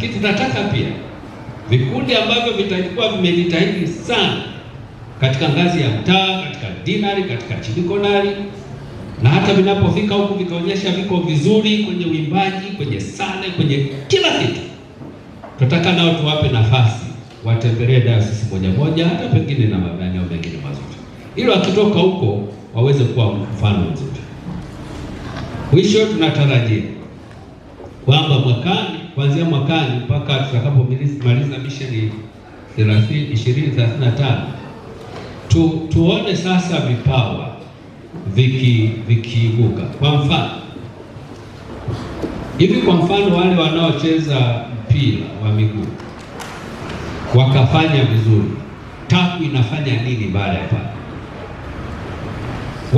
Lakini tunataka pia vikundi ambavyo vitakuwa vimejitahidi sana katika ngazi ya mtaa, katika dinari, katika chidikonari na hata vinapofika huku vikaonyesha viko vizuri kwenye uimbaji, kwenye sale, kwenye kila kitu, tunataka nao tuwape nafasi watembelee dayosisi moja moja, hata pengine na maeneo mengine mazuri, ili wakitoka huko waweze kuwa mfano mzuri. Mwisho tunatarajia kwamba mwakani kuanzia mwakani mpaka tutakapomaliza misheni 2035 tu, tuone sasa vipawa vikiibuka viki. Kwa mfano hivi, kwa mfano wale wanaocheza mpira wa miguu wakafanya vizuri, TAKU inafanya nini baada ya pale?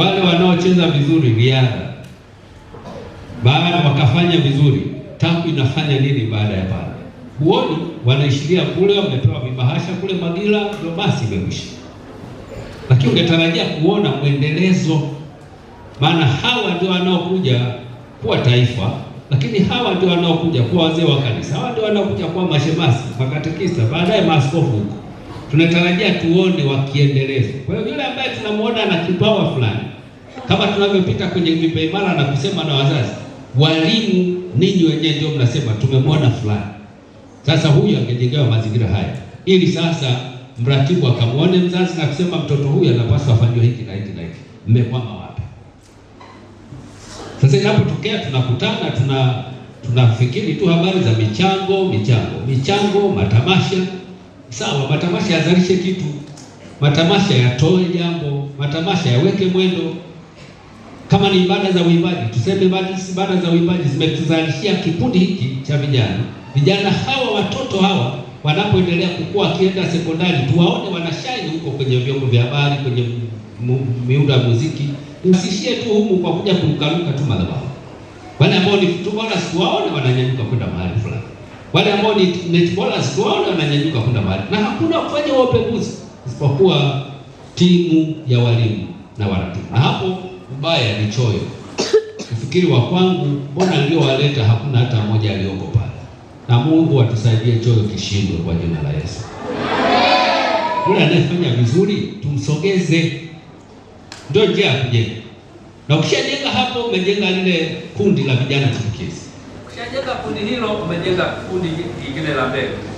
Wale wanaocheza vizuri riadha baada wakafanya vizuri TACU inafanya nini baada ya pale? Huoni wanaishiria kule, wamepewa mibahasha kule Magila, ndio basi imekwisha. Lakini ungetarajia kuona mwendelezo, maana hawa ndio wanaokuja kuwa taifa, lakini hawa ndio wanaokuja kuwa wazee wa kanisa, hawa ndio wanaokuja kuwa mashemasi, makatekista, baadaye maaskofu huko. Tunatarajia tuone wakiendeleza. Kwa hiyo yule ambaye tunamuona ana kipawa fulani, kama tunavyopita kwenye vipaimara na kusema na wazazi Walimu ninyi wenyewe ndio mnasema tumemwona fulani. Sasa huyu angejengewa mazingira haya ili sasa mratibu akamwone mzazi na kusema mtoto huyu anapaswa afanyiwe hiki na hiki na hiki. Mmekwama wapi? Sasa inapotokea tunakutana, tuna tunafikiri tu habari za michango, michango, michango, matamasha. Sawa, matamasha yazalishe kitu, matamasha yatoe jambo, matamasha yaweke mwendo kama ni ibada za uimbaji, tuseme ibada za uimbaji zimetuzalishia kikundi hiki cha vijana. Vijana hawa watoto hawa wanapoendelea kukua, wakienda sekondari, tuwaone wanashaini huko kwenye vyombo vya habari, kwenye miundo ya muziki. Usishie tu humu kwa kuja kurukaruka tu madhabahu. Wale ambao ni footballers tuwaone wananyanyuka kwenda mahali fulani, wale ambao ni netballers tuwaone wananyanyuka kwenda mahali, na hakuna kufanya upeguzi isipokuwa timu ya walimu na wanatuma hapo ubaya ni choyo kufikiri wa kwangu, mbona ndio waleta, hakuna hata mmoja aliyoko pale. Na Mungu atusaidie choyo kishindwe kwa jina la Yesu. Yule anayefanya vizuri tumsogeze, ndio njia ya kujenga. Na ukishajenga hapo, umejenga lile kundi la vijana chipukizi. Ukishajenga kundi hilo, umejenga kundi lingine la mbele.